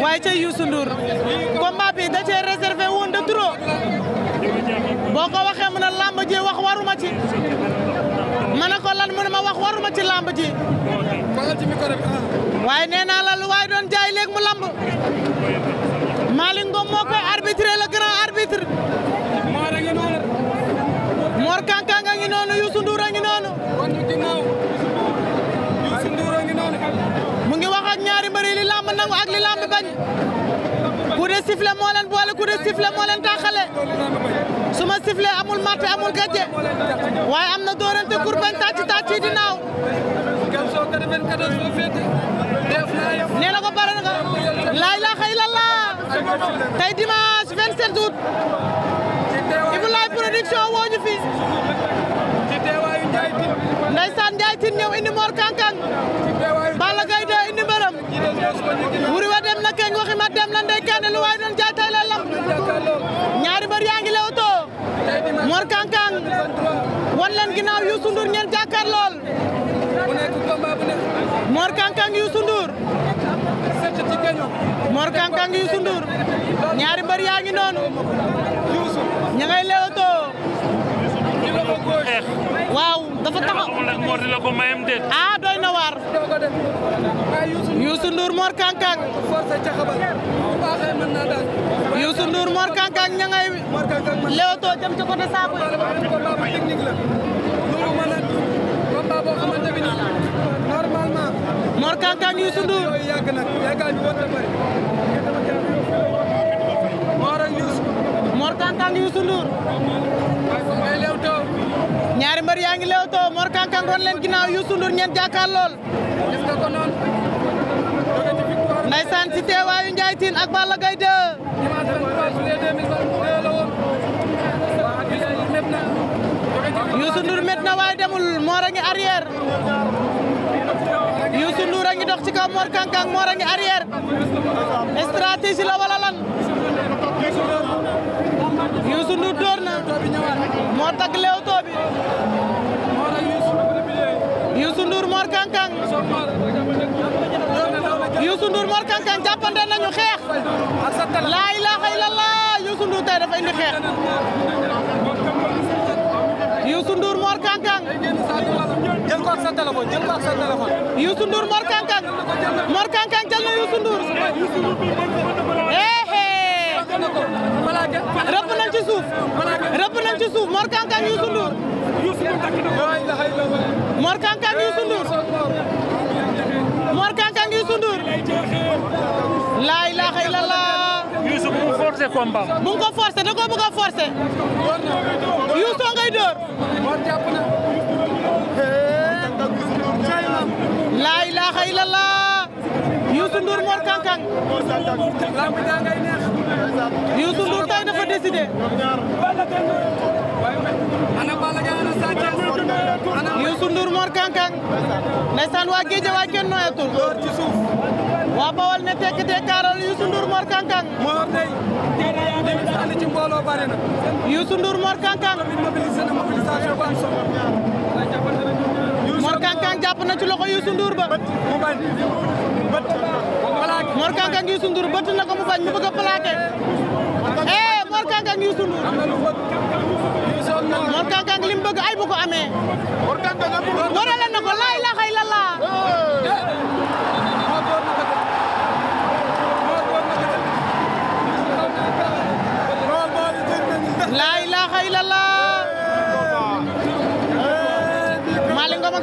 waaye ca Youssou Ndour combat bi da cee réservé woon de trop boo ko waxee mu ne làmb ji wax waruma ci ma ne ko lan mu ne ma wax waruma ci làmb ji waaye nee naa la lu waaye doon jaay léegi mu lamb Malick Ngom ñaari mbër li làmb nangu ak li làmb bañ ku re sifle mo len boole coup de sifflet moo leen tàqale su ma sifflet amul màtte amul gadje waaye amna dorante kur bañ tàcc tàcc yi di naaw nee na ko bare nga laa ilaaha illallaah tey dimanche 27 août Ibou Laye production woo fi ndeysaan Ndiaye ñëw indi Mor Kankang Balla Gaye ndeykaane lu waay doon jaay tey ñaari mbër yaa ngi lewto Mor Kang Kang wan leen ginnaaw Youssou Ndour ngeen jàkkaar lool Mor Kang Kang Youssou Ndour ñaari mbër yaa ngi noonu ña ngay lewto waaw dafa taxaw Mordi la ko mayam déet. ah doy na waar. Youssou Ndour Mor Kang Kang. Youssou Ndour Mor jëm ci côté normalement. Mor Kang Kang Youssou Mor Kang Kang Youssou ñaari mbër yaa ngi leewtoo Mor Kang Kang woon leen ginnaaw Youssou Ndour ngeen jàkkaar lool def nga ko teewaayu Ndiaye Tine ak Balla Gaye 2 Youssou met na waaye demul Mor a ngi arrière Youssou Ndour a ngi dox ci kaw Mor Kang Kang a ngi arrière stratégie la wala Youssou Ndour door na moo tag Leewtoo bi Yusuf Ndour Mor Kang Kang Youssou Ndour Mor Kang Kang jàppante nañu xeex laa illallah Yusuf Ndour tey dafa indi xeex Youssou Ndour Mor Kang Kang jël ko sa téléphone jël ko sa téléphone Youssou Ndour Mor Kang Kang Mor Kang Kang na eh rëpp nañ ci suuf rëpp nañ ci suuf Mor Kankan Youssou Ndour Mor Kankan Youssou Ndour Mor Kankan Youssou Ndour laa ilaaha illallah Youssou bu ko forcé combat bu ko forcé da ko bëgg a forcé Youssou ngay dóor laa ilaaha illallah Ndour Mor Kankang Youssou Ndour tey dafa décidé Youssou Ndour Mor Kankang ndeysaan waa géej waa kenn nooyatul waa Bawol ne tekk te kaaral Youssou Ndour Mor Kankang Youssou Ndour Mor Kankang Mor Kang Kang jàpp na ci loxo Youssou Ndour ba. mu bañ bët. Mor Kang mu bañ mu bëgg a plaqué. eh Mor Kang Kang Youssou Ndour. Mor Kang Kang li mu bëgg ay bu ko amee. na ko laay laxee.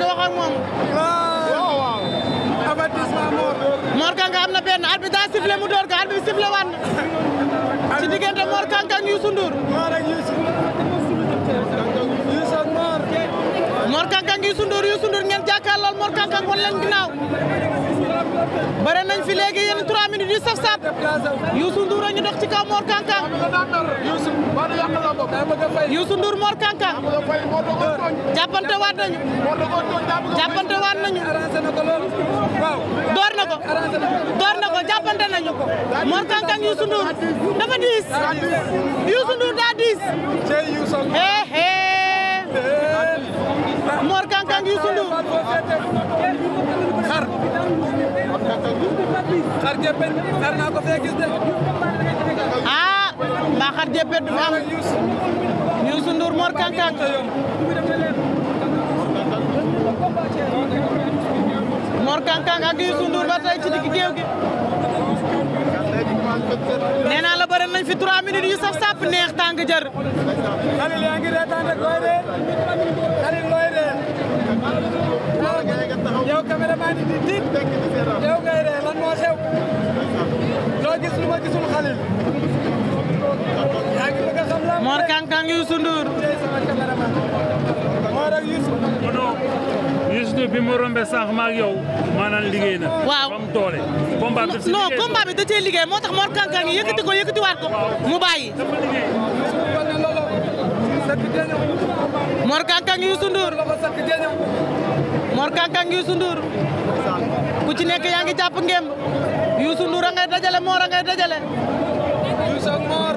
nga wax ak moom. waaw na benn bi daa sifflé mu door ko arbitre sifflé waat na. ci diggante Mor Kang ak Youssou Mor Yusundur Yusundur Youssou Ndour Youssou Ndour ngeen jàkkaarlool Mor Kang Kang wan leen ginnaaw bare nañ fi léegi yéen 3 minutes yu saf saf Youssou Ndour a ñu dox ci kaw Mor Kang Kang Youssou Ndour Mor Kang Kang waat nañu waat nañu ko Mor dafa xar jëppet xar naa ko fee gis de. ah mbaa xar ak Youssou Ndour ba tey ci digg géew gi. nee naa la bëri nañ fi 3 minutes neex tàng jër. yow caméraman yi di tiit yow ngay ree lan moo xew loo gis lu ma gisul xalil Kang Kang Youssou bi mu rombé sànq ma yow na combat bi non combat bi da Mor ko ko mu Mor Mor Kang Yu Sundur, Ndour ku ci nekk yaa ngi jàpp ngemb Youssou Ndour dajale Mor a ngay dajale Youssou ak Mor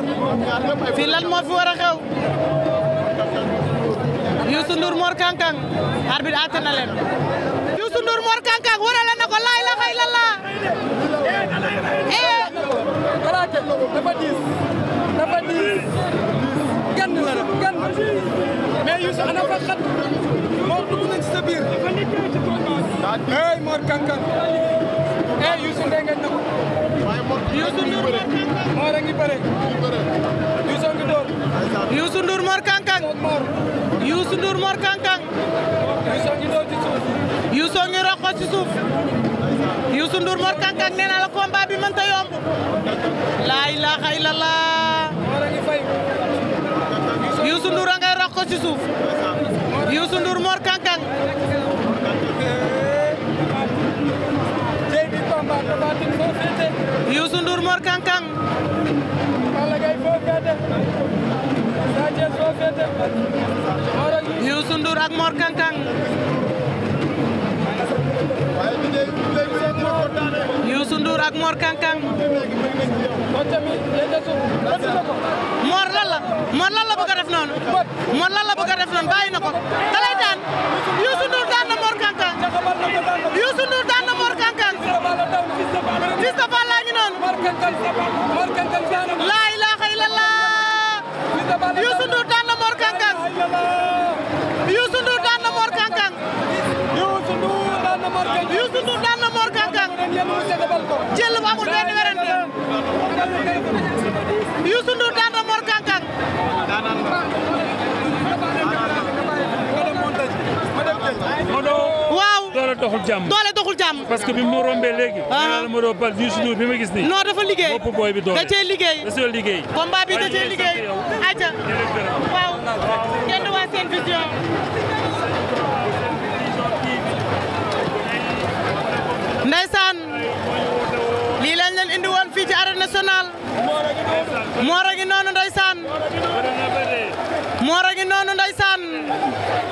fii lan moo fi war xew Youssou Ndour Mor Kang Kang arbitre àtte na leen Youssou Mor Kang Kang warale na ko laay la xay la laa eh karaate eh. dafa diis dafa diis gann la gann mais Yu Sundur fa dugg nañ ci sa biir. ey Mor Kankan ey Youssou Ndeye ngeen na ko. Youssou Ndour Mor a ngi bëre. Youssou ngi door. Youssou Ndour Mor Kankan. Youssou la combat bi a ngay roqo ci suuf. Youssou Ndour Mor Kankan. Ndour Mor ak Mor Kang Kang Youssou Ndour ak Mor Kang Kang Mor lan la Mor lan la bëgg a def noonu Mor lan la bëgg na ko Mor Kankang daana la ilaha illallah Youssou Ndour daan na Mor Kankang Youssou Ndour daan na Mor Kankang Youssou Ndour daan na Mor Kankang Youssou Ndour daan na Mor Kankang jël waaw neexul jàmm. parce que bi mu rombee léegi. waaw ma doon bal Youssou bi ma gis nii. non dafa liggéey bopp booy bi doole da cee liggéey. da liggéey. combat bi da cee liggéey. ayca waaw kenn waa seen vision. Ndeysaan lii leen indi woon fii ci arène nationale Mor a ngi noonu Ndeysaan Mor a ngi noonu Ndeysaan